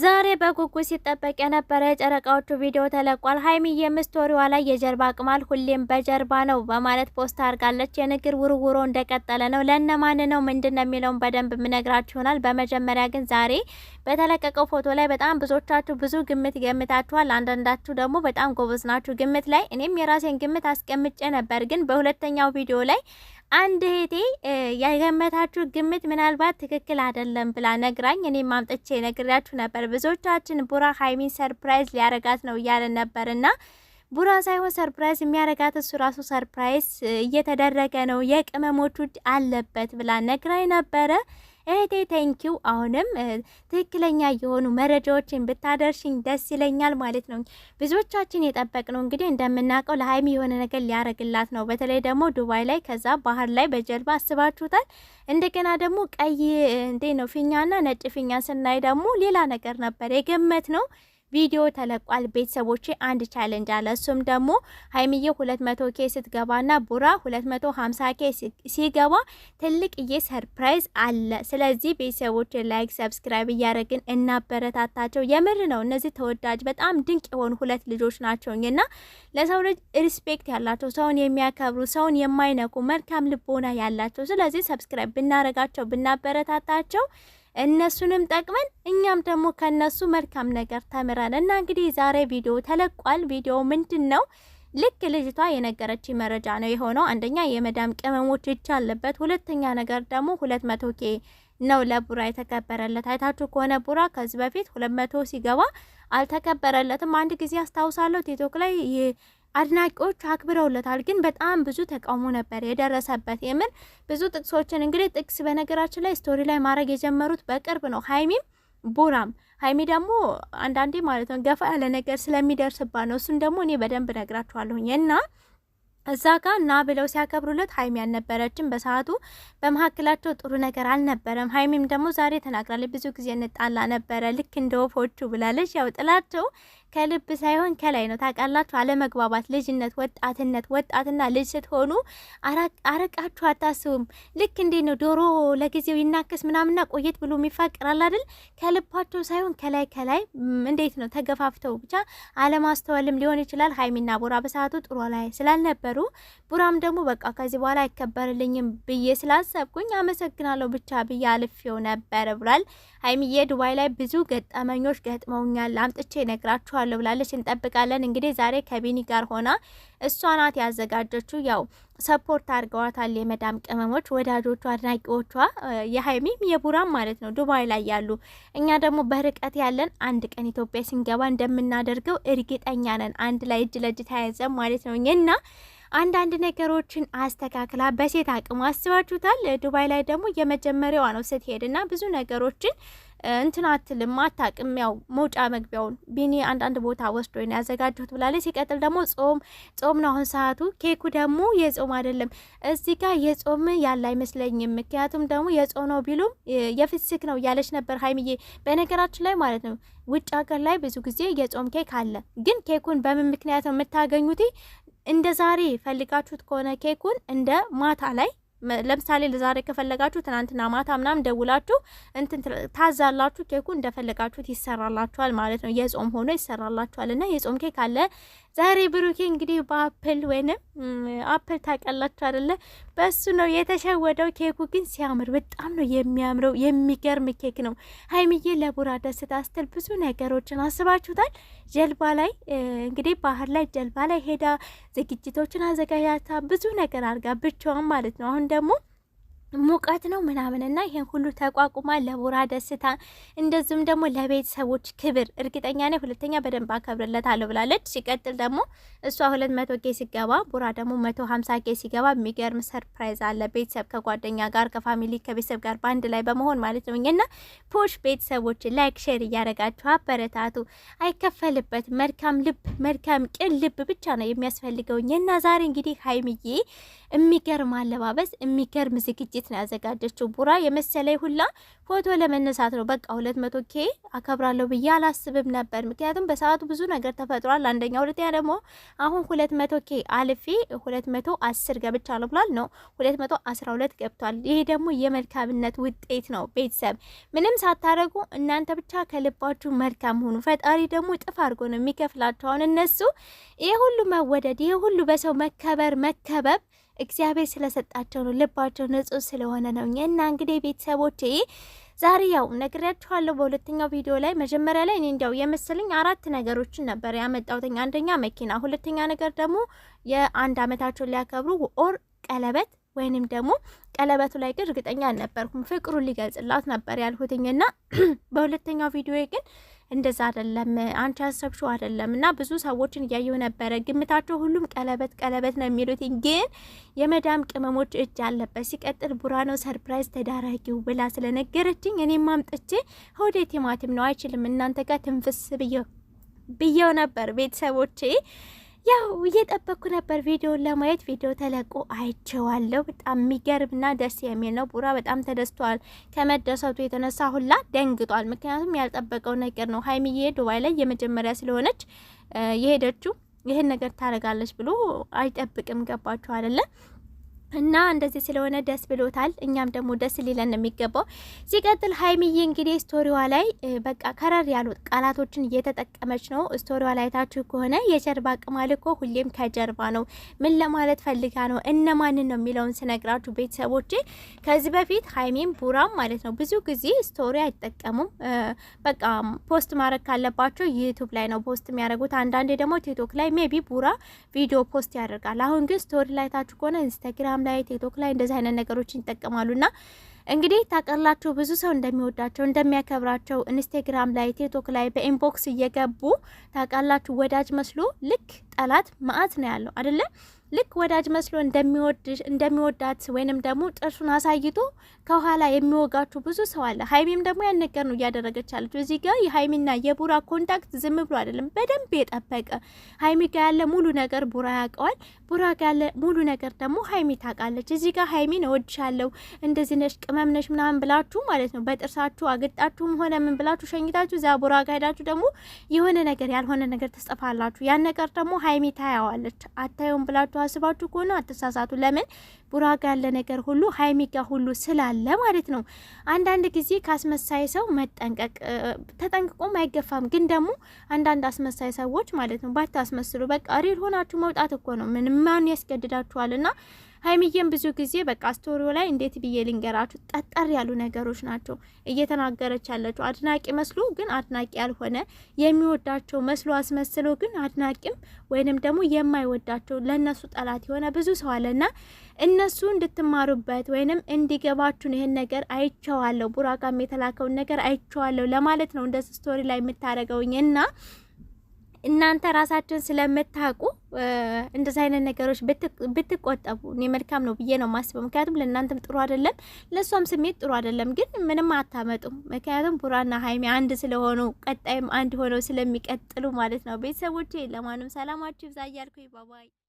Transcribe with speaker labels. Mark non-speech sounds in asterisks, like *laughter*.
Speaker 1: ዛሬ በጉጉት ሲጠበቅ የነበረ የጨረቃዎቹ ቪዲዮ ተለቋል። ሀይሚዬም ስቶሪዋ ላይ የጀርባ አቅማል። ሁሌም በጀርባ ነው በማለት ፖስት አድርጋለች። የንግር ውርውሮ እንደቀጠለ ነው። ለእነማን ነው ምንድን ነው የሚለውን በደንብ የምነግራችሁ ይሆናል። በመጀመሪያ ግን ዛሬ በተለቀቀው ፎቶ ላይ በጣም ብዙዎቻችሁ ብዙ ግምት ገምታችኋል። አንዳንዳችሁ ደግሞ በጣም ጎበዝ ናችሁ ግምት ላይ። እኔም የራሴን ግምት አስቀምጬ ነበር። ግን በሁለተኛው ቪዲዮ ላይ አንድ እህቴ የገመታችሁ ግምት ምናልባት ትክክል አይደለም ብላ ነግራኝ፣ እኔ ማምጠቼ ነግሬያችሁ ነበር። ብዙዎቻችን ቡራ ሀይሚን ሰርፕራይዝ ሊያረጋት ነው እያለን ነበር እና ቡራ ሳይሆን ሰርፕራይዝ የሚያረጋት እሱ ራሱ ሰርፕራይዝ እየተደረገ ነው፣ የቅመሞቹ አለበት ብላ ነግራኝ ነበረ። እህቴ ቴንኪው። አሁንም ትክክለኛ የሆኑ መረጃዎችን ብታደርሽኝ ደስ ይለኛል ማለት ነው። ብዙዎቻችን የጠበቅነው እንግዲህ እንደምናውቀው ለሀይሚ የሆነ ነገር ሊያረግላት ነው። በተለይ ደግሞ ዱባይ ላይ ከዛ ባህር ላይ በጀልባ አስባችሁታል። እንደገና ደግሞ ቀይ እንዴ ነው ፊኛና ነጭ ፊኛ ስናይ ደግሞ ሌላ ነገር ነበር የገመት ነው ቪዲዮ ተለቋል። ቤተሰቦች አንድ ቻለንጅ አለ። እሱም ደግሞ ሀይሚዬ 200 ኬ ስትገባና ቡራ 250 ኬ ሲገባ ትልቅዬ ሰርፕራይዝ አለ። ስለዚህ ቤተሰቦች ላይክ፣ ሰብስክራይብ እያደረግን እናበረታታቸው። የምር ነው እነዚህ ተወዳጅ በጣም ድንቅ የሆኑ ሁለት ልጆች ናቸውና ለሰው ልጅ ሪስፔክት ያላቸው ሰውን የሚያከብሩ ሰውን የማይነኩ መልካም ልቦና ያላቸው ስለዚህ ሰብስክራይብ ብናረጋቸው ብናበረታታቸው እነሱንም ጠቅመን እኛም ደግሞ ከነሱ መልካም ነገር ተምረን እና እንግዲህ ዛሬ ቪዲዮ ተለቋል። ቪዲዮ ምንድን ነው? ልክ ልጅቷ የነገረች መረጃ ነው የሆነው። አንደኛ የመዳም ቅመሞች እጅ አለበት። ሁለተኛ ነገር ደግሞ ሁለት መቶ ኬ ነው ለቡራ የተከበረለት። አይታችሁ ከሆነ ቡራ ከዚህ በፊት ሁለት መቶ ሲገባ አልተከበረለትም። አንድ ጊዜ አስታውሳለሁ ቲክቶክ ላይ አድናቂዎች አክብረውለታል። ግን በጣም ብዙ ተቃውሞ ነበር የደረሰበት። የምር ብዙ ጥቅሶችን እንግዲህ ጥቅስ በነገራችን ላይ ስቶሪ ላይ ማድረግ የጀመሩት በቅርብ ነው ሀይሚም ቡራም ሀይሚ ደግሞ አንዳንዴ ማለት ነው ገፋ ያለ ነገር ስለሚደርስባት ነው። እሱን ደግሞ እኔ በደንብ ነግራችኋለሁኝ እና እዛ ጋ እና ብለው ሲያከብሩለት ሀይሚ አልነበረችም በሰዓቱ። በመካከላቸው ጥሩ ነገር አልነበረም። ሀይሚም ደግሞ ዛሬ ተናግራለች። ብዙ ጊዜ እንጣላ ነበረ ልክ እንደ ወፎቹ ብላለች። ያው ጥላቸው ከልብ ሳይሆን ከላይ ነው። ታውቃላችሁ፣ አለመግባባት፣ ልጅነት፣ ወጣትነት፣ ወጣትና ልጅ ስትሆኑ አረቃችሁ አታስቡም። ልክ እንዴ ነው ዶሮ ለጊዜው ይናከስ ምናምና ቆየት ብሎ የሚፋቅራል አይደል? ከልባቸው ሳይሆን ከላይ ከላይ እንዴት ነው ተገፋፍተው፣ ብቻ አለማስተዋልም ሊሆን ይችላል። ሀይሚና ቡራ በሰዓቱ ጥሩ ላይ ስላልነበሩ ቡራም ደግሞ በቃ ከዚህ በኋላ አይከበርልኝም ብዬ ስላሰብኩኝ አመሰግናለሁ ብቻ ብዬ አልፌው ነበር ብሏል። ሀይሚዬ ዱባይ ላይ ብዙ ገጠመኞች ገጥመውኛል፣ አምጥቼ ነግራችኋል አደርሳችኋለሁ ብላለች። እንጠብቃለን እንግዲህ ዛሬ ከቢኒ ጋር ሆና እሷ ናት ያዘጋጀችው። ያው ሰፖርት አድርገዋታል የመዳም ቅመሞች፣ ወዳጆቿ፣ አድናቂዎቿ የሀይሚም የቡራም ማለት ነው ዱባይ ላይ ያሉ። እኛ ደግሞ በርቀት ያለን አንድ ቀን ኢትዮጵያ ስንገባ እንደምናደርገው እርግጠኛ ነን። አንድ ላይ እጅ ለእጅ ተያይዘን ማለት ነው እና አንዳንድ ነገሮችን አስተካክላ በሴት አቅሙ አስባችሁታል። ዱባይ ላይ ደግሞ የመጀመሪያዋ ነው ስትሄድ እና ብዙ ነገሮችን እንትን አትልም ያው መውጫ መግቢያውን ቢኒ አንዳንድ ቦታ ወስዶ ነው ያዘጋጀሁት ብላለች። ሲቀጥል ደግሞ ጾም ጾም ነው አሁን ሰዓቱ። ኬኩ ደግሞ የጾም አይደለም እዚህ ጋር የጾም ያለ አይመስለኝም። ምክንያቱም ደግሞ የጾም ነው ቢሉም የፍስክ ነው እያለች ነበር ሀይምዬ። በነገራችን ላይ ማለት ነው ውጭ ሀገር ላይ ብዙ ጊዜ የጾም ኬክ አለ። ግን ኬኩን በምን ምክንያት ነው የምታገኙት? እንደ ዛሬ ፈልጋችሁት ከሆነ ኬኩን እንደ ማታ ላይ ለምሳሌ ለዛሬ ከፈለጋችሁ ትናንትና ማታ ምናምን ደውላችሁ እንትን ታዛላችሁ። ኬኩ እንደፈለጋችሁት ይሰራላችኋል ማለት ነው። የጾም ሆኖ ይሰራላችኋል እና የጾም ኬክ አለ ዛሬ ብሩኬ እንግዲህ በአፕል ወይንም አፕል ታውቃላችሁ አይደለ? በሱ ነው የተሸወደው። ኬኩ ግን ሲያምር በጣም ነው የሚያምረው። የሚገርም ኬክ ነው። ሀይሚዬ ለቡራ ደስታ ስትል ብዙ ነገሮችን አስባችሁታል። ጀልባ ላይ እንግዲህ ባህር ላይ ጀልባ ላይ ሄዳ ዝግጅቶችን አዘጋጃታ ብዙ ነገር አድርጋ ብቻዋን ማለት ነው። አሁን ደግሞ ሙቀት ነው ምናምን እና ይሄን ሁሉ ተቋቁማ ለቡራ ደስታ እንደዚሁም ደግሞ ለቤተሰቦች ክብር እርግጠኛ ነኝ ሁለተኛ በደንብ አከብርለታለሁ ብላለች። ሲቀጥል ደግሞ እሷ ሁለት መቶ ኬ ሲገባ ቡራ ደግሞ መቶ ሀምሳ ኬ ሲገባ የሚገርም ሰርፕራይዝ አለ። ቤተሰብ ከጓደኛ ጋር ከፋሚሊ ከቤተሰብ ጋር በአንድ ላይ በመሆን ማለት ነው። እኛና ፖሽ ቤተሰቦች ላይክ ሼር እያደረጋችሁ አበረታቱ። አይከፈልበት መልካም ልብ መልካም ቅን ልብ ብቻ ነው የሚያስፈልገው። እና ዛሬ እንግዲህ ሀይሚዬ የሚገርም አለባበስ የሚገርም ዝግጅት ዝግጅት ነው ያዘጋጀችው። ቡራ የመሰለኝ ሁላ ፎቶ ለመነሳት ነው። በቃ ሁለት መቶ ኬ አከብራለሁ ብዬ አላስብም ነበር። ምክንያቱም በሰዓቱ ብዙ ነገር ተፈጥሯል። አንደኛ፣ ሁለተኛ ደግሞ አሁን ሁለት መቶ ኬ አልፌ ሁለት መቶ አስር ገብቻለሁ ብሏል ነው ሁለት መቶ አስራ ሁለት ገብቷል። ይሄ ደግሞ የመልካምነት ውጤት ነው። ቤተሰብ ምንም ሳታደርጉ እናንተ ብቻ ከልባችሁ መልካም ሆኑ። ፈጣሪ ደግሞ ጥፍ አድርጎ ነው የሚከፍላቸው። አሁን እነሱ ይሄ ሁሉ መወደድ፣ ይሄ ሁሉ በሰው መከበር መከበብ እግዚአብሔር ስለሰጣቸው ነው። ልባቸው ንጹህ ስለሆነ ነው። እና እንግዲህ ቤተሰቦቼ ዛሬ ያው ነግሬያችኋለሁ በሁለተኛው ቪዲዮ ላይ። መጀመሪያ ላይ እኔ እንዲያው የመሰለኝ አራት ነገሮችን ነበር ያመጣሁትኝ። አንደኛ መኪና፣ ሁለተኛ ነገር ደግሞ የአንድ አመታቸውን ሊያከብሩ ኦር ቀለበት ወይንም ደግሞ ቀለበቱ ላይ ግን እርግጠኛ አልነበርኩም። ፍቅሩን ሊገልጽላት ነበር ያልሁትኝና *clears throat* በሁለተኛው ቪዲዮ ግን እንደዛ አይደለም አንቺ ያሰብሽው አይደለም እና ብዙ ሰዎችን እያየሁ ነበረ። ግምታቸው ሁሉም ቀለበት ቀለበት ነው የሚሉት፣ ግን የመዳም ቅመሞች እጅ አለበት። ሲቀጥል ቡራ ነው ሰርፕራይዝ ተዳራጊው ብላ ስለነገረችኝ እኔም አምጥቼ ሆዴ ቲማቲም ነው አይችልም እናንተ ጋር ትንፍስ ብየው ነበር ቤተሰቦቼ ያው እየጠበቅኩ ነበር ቪዲዮን ለማየት ቪዲዮ ተለቆ አይቼዋለሁ። በጣም የሚገርምና ደስ የሚል ነው። ቡራ በጣም ተደስቷል። ከመደሰቱ የተነሳ ሁላ ደንግጧል። ምክንያቱም ያልጠበቀው ነገር ነው። ሀይሚዬ ዱባይ ላይ የመጀመሪያ ስለሆነች የሄደችው ይህን ነገር ታደርጋለች ብሎ አይጠብቅም። ገባችሁ አይደለም? እና እንደዚህ ስለሆነ ደስ ብሎታል። እኛም ደግሞ ደስ ሊለን የሚገባው። ሲቀጥል ሀይሚዬ እንግዲህ ስቶሪዋ ላይ በቃ ከረር ያሉ ቃላቶችን እየተጠቀመች ነው። ስቶሪዋ ላይ ታችሁ ከሆነ የጀርባ ቅማል እኮ ሁሌም ከጀርባ ነው። ምን ለማለት ፈልጋ ነው? እነማንን ነው የሚለውን ስነግራችሁ ቤተሰቦች ከዚህ በፊት ሀይሚም ቡራም ማለት ነው ብዙ ጊዜ ስቶሪ አይጠቀሙም። በቃ ፖስት ማድረግ ካለባቸው ዩቱብ ላይ ነው ፖስት የሚያደርጉት። አንዳንዴ ደግሞ ቲክቶክ ላይ ሜቢ ቡራ ቪዲዮ ፖስት ያደርጋል። አሁን ግን ስቶሪ ላይ ታችሁ ከሆነ ኢንስታግራም ኢንስታግራም ላይ ቲክቶክ ላይ እንደዚህ አይነት ነገሮችን ይጠቀማሉና እንግዲህ ታቀላችሁ ብዙ ሰው እንደሚወዳቸው እንደሚያከብራቸው ኢንስታግራም ላይ ቲክቶክ ላይ በኢንቦክስ እየገቡ ታቃላችሁ ወዳጅ መስሎ ልክ ጠላት መዓት ነው ያለው አይደለ? ልክ ወዳጅ መስሎ እንደሚወዳት ወይንም ደግሞ ጥርሱን አሳይቶ ከኋላ የሚወጋችሁ ብዙ ሰው አለ። ሀይሚም ደግሞ ያን ነገር ነው እያደረገች ያለችው። እዚህ ጋር የሀይሚና የቡራ ኮንታክት ዝም ብሎ አይደለም፣ በደንብ የጠበቀ ሀይሚ ጋ ያለ ሙሉ ነገር ቡራ ያውቀዋል። ቡራ ጋ ያለ ሙሉ ነገር ደግሞ ሀይሚ ታውቃለች። እዚህ ጋር ሀይሚን እወድሻለሁ እንደዚህ ነሽ ቅመም ነሽ ምናምን ብላችሁ ማለት ነው በጥርሳችሁ አግጣችሁም ሆነ ምን ብላችሁ ሸኝታችሁ እዚያ ቦራ ካሄዳችሁ ደግሞ የሆነ ነገር ያልሆነ ነገር ትጽፋላችሁ። ያን ነገር ደግሞ ሀይሚ ታያዋለች። አታየውም ብላችሁ አስባችሁ ከሆነ አትሳሳቱ። ለምን ቡራ ጋ ያለ ነገር ሁሉ ሀይሚ ጋ ሁሉ ስላለ ማለት ነው። አንዳንድ ጊዜ ከአስመሳይ ሰው መጠንቀቅ ተጠንቅቆም አይገፋም። ግን ደግሞ አንዳንድ አስመሳይ ሰዎች ማለት ነው ባታስመስሉ፣ በቃ ሪል ሆናችሁ መውጣት እኮ ነው። ምን ማን ያስገድዳችኋል እና ሀይሚዬም ብዙ ጊዜ በቃ ስቶሪው ላይ እንዴት ብዬ ልንገራችሁ ጠጠር ያሉ ነገሮች ናቸው እየተናገረች ያለችው። አድናቂ መስሎ ግን አድናቂ ያልሆነ የሚወዳቸው መስሎ አስመስሎ ግን አድናቂም ወይንም ደግሞ የማይወዳቸው ለእነሱ ጠላት የሆነ ብዙ ሰው አለና እነሱ እንድትማሩበት ወይንም እንዲገባችሁን ይህን ነገር አይቸዋለሁ፣ ቡራጋም የተላከውን ነገር አይቸዋለሁ ለማለት ነው እንደዚህ ስቶሪ ላይ የምታደርገውኝ እና እናንተ ራሳችን ስለምታውቁ እንደዚህ አይነት ነገሮች ብትቆጠቡ እኔ መልካም ነው ብዬ ነው ማስበው። ምክንያቱም ለእናንተም ጥሩ አይደለም፣ ለእሷም ስሜት ጥሩ አይደለም። ግን ምንም አታመጡም። ምክንያቱም ቡራና ሀይሜ አንድ ስለሆኑ ቀጣይም አንድ ሆነው ስለሚቀጥሉ ማለት ነው። ቤተሰቦቼ ለማንም ሰላማችሁ ይብዛ እያልኩ ባባይ